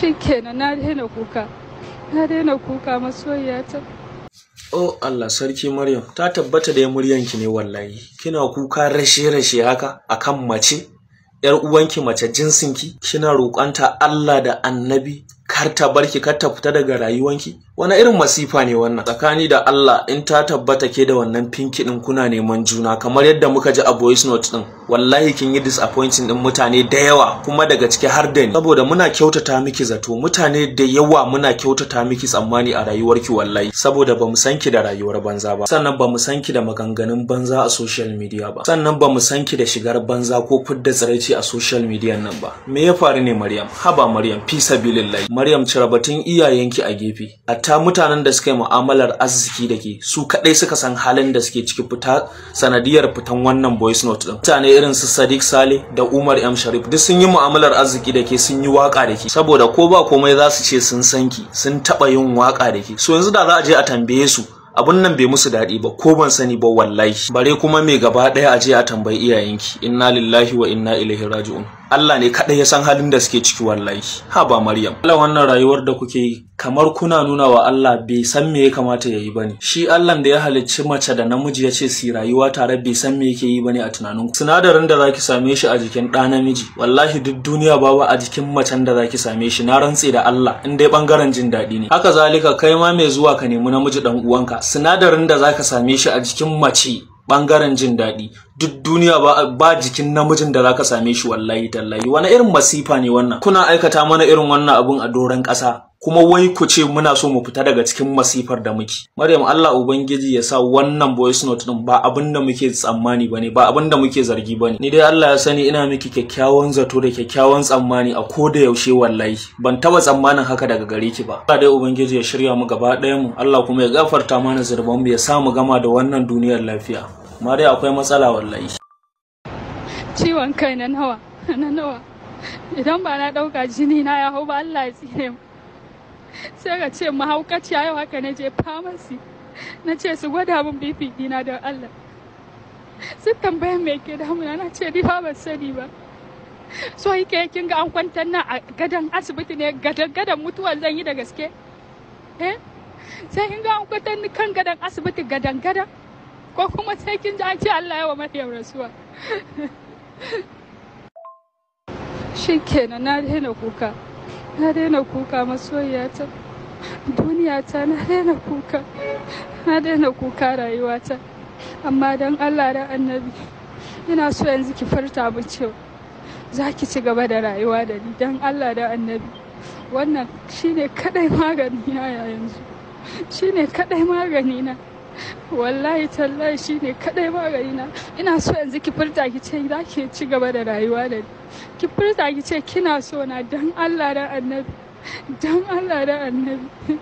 shi kenan na daina kuka na daina kuka masoyiyata oh Allah sarki Maryam ta tabbata da muryarki ne wallahi kina kuka rashe rashe haka akan mace yar uwanki mace jinsinki kina roƙanta Allah da annabi kar ta barki kar ta fita daga rayuwanki wani irin masifa ne wannan tsakani da Allah in ta tabbata ke da wannan pinki din kuna neman juna kamar yadda muka ji a voice note din wallahi kin yi disappointing din mutane da yawa kuma daga ciki har da ni saboda muna kyautata miki zato mutane da yawa muna kyautata miki tsammani a rayuwar ki wallahi saboda bamu san ki da rayuwar banza ba sannan bamu san ki da maganganun banza a social media ba sannan bamu san ki da shigar banza ko fidda tsiraici a social media nan ba me ya faru ne Maryam haba Maryam fi sabilillahi Maryam cire batun iyayenki a gefe a hatta mutanen da suka yi mu'amalar arziki da ke su kadai suka san halin da suke ciki fita sanadiyar fitan wannan voice note din mutane irin su Sadiq sale da Umar M Sharif duk sun yi mu'amalar arziki da ke sun yi waka da ke saboda ko ba komai za su ce sun san ki sun taba yin waka da ke so yanzu da za a je a tambaye su abun nan bai musu daɗi ba ko ban sani ba wallahi bare kuma mai gaba ɗaya a je a tambayi iyayenki inna lillahi wa inna ilaihi raji'un Allah ne kaɗai ya san halin da suke ciki wallahi ha ba Maryam Allah wannan rayuwar da kuke yi kamar kuna nuna wa Allah bai san me ya kamata ya yi bane shi Allah da ya halicci mace da namiji ya ce su rayuwa tare bai san me yake yi bane a tunanin ku sinadarin da zaki same shi a jikin ɗa namiji wallahi duk duniya babu a jikin macen da zaki same shi na rantse da Allah in dai bangaren jin daɗi ne haka zalika kai ma mai zuwa ka nemi namiji dan uwanka sinadarin da zaka same shi a jikin mace bangaren jin daɗi duk duniya ba jikin namijin da zaka same shi wallahi tallahi wani irin masifa ne wannan kuna aikata mana irin wannan abun a doron ƙasa kuma wai ku ce muna so mu fita daga cikin masifar da muke Maryam Allah ubangiji ya sa wannan voice note din ba abin da muke tsammani bane ba abin da muke zargi bane ni dai Allah ya sani ina miki kyakkyawan zato da kyakkyawan tsammani a ko da yaushe wallahi ban taba tsammanin haka daga gare ki ba Allah dai ubangiji ya shirya mu gaba ɗaya mu Allah kuma ya gafarta mana zurban mu ya sa mu gama da wannan duniyar lafiya Mariya akwai matsala wallahi ciwon kai na nawa na nawa idan ba na ɗauka jini na ya hau ba Allah ya tsire mu sai ga ce mahaukaciya yau haka na je famasi na ce su gwada min bp dina don allah sun tambaya mai ke damuna na ce riha ba sani ba so yake kin ga an kwantar nan a gadon asibiti ne gadon mutuwar zan yi da gaske eh sai kin ga an kwantar ni kan gadon asibiti gadon gadon ko kuma sai kin ji an ce allah yawa maryam rasuwa shi kenan na daina kuka na daina kuka masoyiyata duniyata na daina kuka na daina kuka rayuwata amma don allah da annabi ina so yanzu ki farta mu cewa za ki ci gaba da rayuwa da ni don allah da annabi wannan shine kadai magani na yanzu shine kadai magani na wallahi tallahi shi ne kaɗai magani ina so yanzu ki furta ki ce za ki ci gaba da rayuwa da ki furta ki ce kina so na dan allah da annabi dan allah da annabi